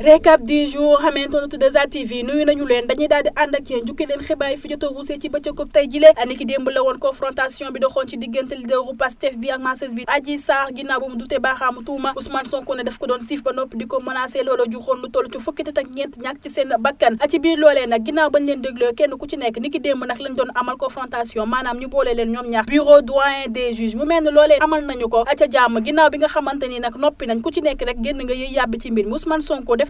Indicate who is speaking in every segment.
Speaker 1: récap du jour xamante ne de leen dañuy daal di ànd ak yéen jukki leen xibaar a ruusee ci bëccëgub tey jile ani woon confrontation bi bi ak Masses bi Adji Sarr ginnaaw bu mu dutee baaxaamu tuuma ko doon siif ba noppi di ko menacé loola ju xoon lu toll ci fukki nit ak kenn ku ci nekk ni ki démb nag lañ amal confrontation maanaam ñu boole leen ñoom ñaar bureau doyen des juges nañu ko aca jàmm ginnaaw bi nga xamante ni nag noppi nañ ku ci nekk rek génn nga yëy yàbbi ci mbir mi Ousmane Sonko def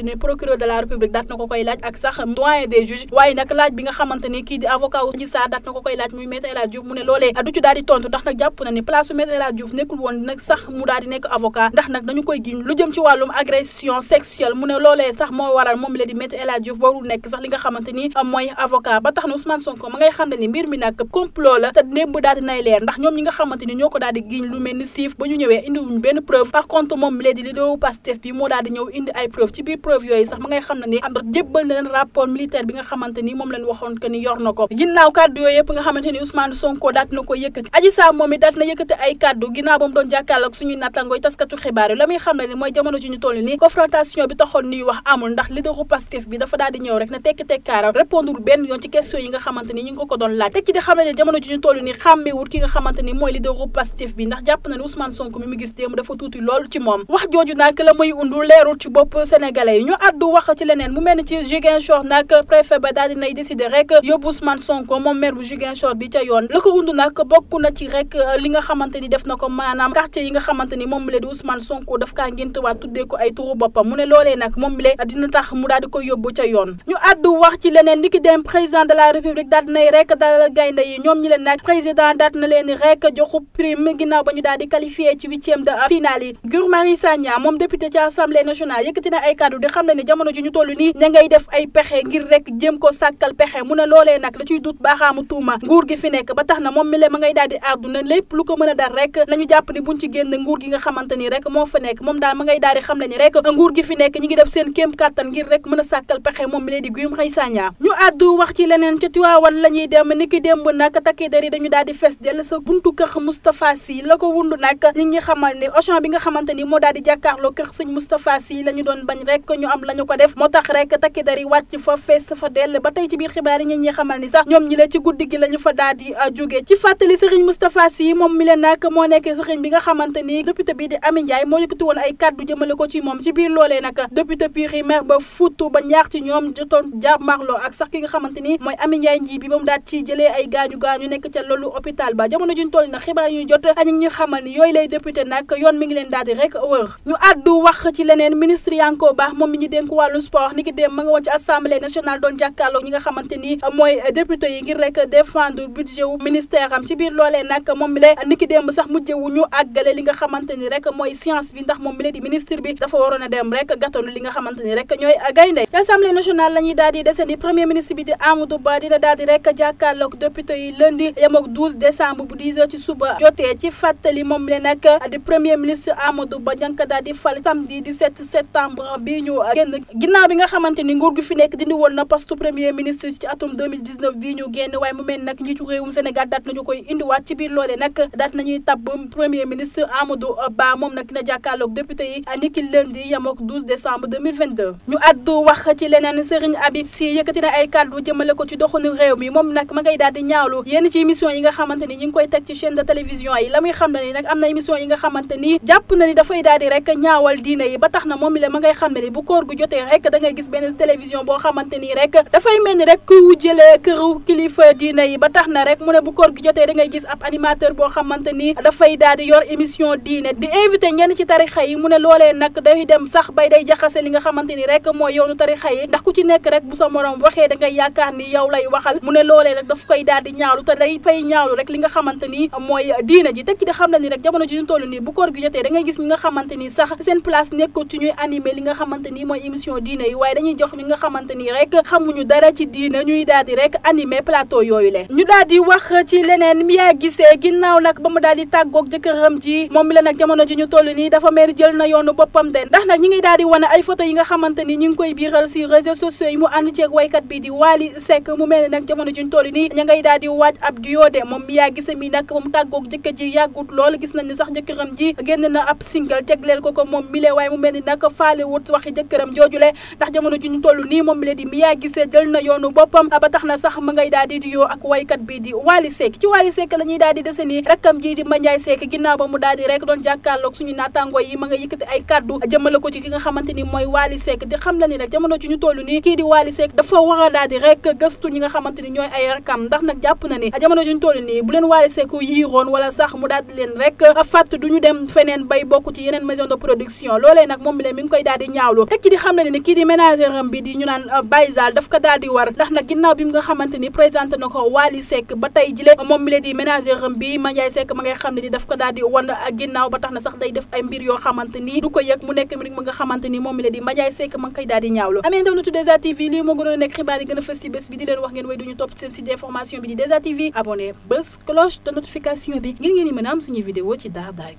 Speaker 1: xamante ni procureur de la république daat na ko koy laaj ak sax doyen des juges waaye nag laaj bi nga xamante kii di avocat Adji Sarr daat na ko koy laaj muy Maître El Hadji Diouf mu ne loolee du ci daal tontu ndax nag jàpp na ni place su Maître El Hadji Diouf nekkul woon nag sax mu daal nekk avocat ndax nag dañu koy giñ lu nekk sax li nga xamante ni avocat ba tax na Ousmane Sonko ma ngay xam ne ni mbir mi nag complot la te némb daal di nay leer ndax preuve yooyu sax ma ngay xam ne ni ànd jébbal na leen rapport militaire bi nga xamante moom leen waxoon que ni yor na ko ginnaaw kàddu yooyu yëpp nga xamante mooy jamono ji ñu bi ndax jàpp na ni Ousmane Sonko mi mu gis démb dafa tuuti loolu ci moom wax jooju nag la muy undu leerul ci bopp sénégalais sénégalais ñu addu wax ci leneen mu mel ni ci Ziguinchor nag préfet ba daal dinay décider rek yóbbu Ousmane Sonko moom maire bu Ziguinchor bi ca yoon la ko wund nag bokk na ci rek li nga xamante ni def na ko maanaam quartier yi nga xamante ni moom la di Ousmane Sonko daf kaa ngéntewaat tuddee ko ay turu boppam mu ne loolee nag moom la dina tax mu daal di yóbbu ca yoon ñu addu wax ci leneen li dem président de la république daal dinay rek dalal gaynde yi ñoom na leen rek joxu prime ginnaaw di xam ne ni jamono ji ñu toll nii ña ngay def ay pexe ngir rek jëm ko sàkkal pexe mu ne loolee nag da ciy dut baaxaamu tuuma nguur gi fi nekk ba tax na moom mi le ma ngay daal di àdduna lépp lu ko mën a dal rek nañu jàpp ni buñ ci génn nguur gi nga xamante ni rek moo fa nekk moom daal ma ngay di xam ne ni rek nguur fi nekk ñi ngi def seen kéem kàttan ngir rek mën a sàkkal pexe moom leneen ca Tiwaawan la ñuy dem ni ki démb nag takki der yi dañu daal di fees dell sa buntu kër Moustapha Sy la ko wund nag ñi ngi xamal ni Auchan bi nga xamante ni moo daal di jàkkaarloo kër sëñ Moustapha Sy la ñu doon bañ rek que am la ñu ko def moo tax rek takki dari wàcc fa fees fa dell ba tey ci biir xibaar yi ñu ñuy xamal ni sax ñoom ñi la ci guddi gi la ñu fa daal di uh, jóge ci fàttali Serigne Moustapha Sy moom mi leen nag moo bi nga xamante ni député bi di Amy Ndiaye moo yëkkati biir loolee ba fuutu ba ñaax ci ñoom jotoon jàmmarloo ak sax ki nga xamante ni mooy Amy Ndiaye njii bi ba mu daat ci jëlee ay gaañu gaañu nekk ca loolu hôpital ba jamono juñ toll na xibaar yu ñu jot añu ñu xamal ni yooyu lay député nag yoon mi ngi leen daal di rek wër ñu àddu wax ci moom mi ñu dénk wàllu sport ni ki dem ma nga woon ci assemblée nationale doon jàkkaarloo ñi nga xamante mooy député yi ngir rek défendre budget wu ministère am ci biir loolee nag moom mi wu ñu li nga xamante ni rek mooy science bi ndax moom mi le bi dafa waroon a dem rek gàttanu li nga xamante ni rek ñooy gaynde ci assemblée nationale di desandi premier ministre bi di Amadou Ba dina daal di rek jàkkaarloog député yi lundi yem ak bu 10 heures ci suba jotee ci fàttali moom mi le di premier ministre Amadou Ba ña nga fal samedi 17 bi ñu ñu ginnaaw bi nga xamante nguur gi fi nekk dindi woon na poste premier ministre ci atum 2019 bii ñu génn waaye mu mel nag njiitu réewum Sénégal daat nañu koy indiwaat ci biir loolee nag daat nañuy tab premier ministre Amadou Ba moom nag dina jàkkaarloog député yi niki lundi yamook 12 décembre 2022 ñu addu wax ci leneen Serigne Habib Sy yëkkati na ay kàddu jëmale ko ci doxalinu réew mi moom nag ma ngay daal ñaawlu yenn bu koor gu jotee rek da ngay gis benn télévision boo xamante ni rek dafay mel ni rek kuy wujjale këru kilifa diine yi ba tax na rek mu ne bu koor gu jotee da ngay gis ab animateur boo xamante ni dafay daal di yor émission diine di invité ñenn ci tarixa yi mu ne loolee nag day dem sax bay day jaxase li nga xamante ni rek mooy yoonu tarixa yi ndax ku ci nekk rek bu sa morom waxee da ngay yaakaar ni yow lay waxal mu ne loolee nag daf koy daal di ñaawlu te day fay li nga xamante ni mooy diine ji teg ci di xam ne ni rek jamono ji ñu toll bu koor gu jotee da ngay gis ñi nga xamante sax seen place nekko ci ñuy animé li nga xamante nii mooy émission diine yi waaye dañuy jox ñu nga xamante ni rek xamuñu dara ci diine ñuy daal di rek animé plateau yooyu le ñu daal di wax ci leneen Mia Guissé ginnaaw nag ba mu daal di tàggoog jëkkëram ji moom la jamono ji ñu toll nii dafa mel jël na yoonu boppam de ndax nag ngi daal di wane ay photo yi nga xamante ni ñu ngi koy biiral si réseaux sociaux yi mu ànd ceeg waykat bi di Wally Seck mu mel ne nag jamono ji ñu toll nii ña ngay daal di waaj ab duo de moom Mia Guissé mi nag mu tàggook jëkkër ji yàggut lool gis nañ sax jëkkëram ji génn na ab single tegleel ko ko moom mi le waaye mu mel ni nag faale wut wax jëkkëram joojule ndax jamono ji ñu toll nii moom mi la di Mia Guissé jël na yoonu boppam ba tax na sax ma ngay daal di di yoo ak waykat bi di Wally ci Wally Seck la daal di dese nii rakkam ji di Mandiaye Seck ginnaaw ba mu daal di rek doon jàkkaarloog suñu naataangoo yi nga ko ci ki nga xamante mooy Wally di xam la ni rek jamono ji ñu toll nii kii di Wally dafa war a daal gëstu ñi nga xamante ñooy ay rakkam ndax nag jàpp na ni jamono ji ñu toll nii bu leen Wally Seck yiiroon wala sax mu daal di leen rek fàtt du ñu dem feneen bay bokk ci loolu teg di xam ne ne kii di ménagère bi di ñu naan euh, Baye Zal daf ko daal war ndax nag ginnaaw bi nga xamante ni présenté na ko Wally ba tey jile moom mi la di ménagère am bi Mandiaye Seck ma ngay xam ne ni daf ko daal di wan ginnaaw ba tax na sax day def ay mbir yoo xamante du ko yëg mu nekk mbir ma nga xamante moom mi la di Mandiaye Seck ma ngi koy daal di amee ndaw natu a TV lii moo gënoon nekk xibaar yi gën a fës ci bés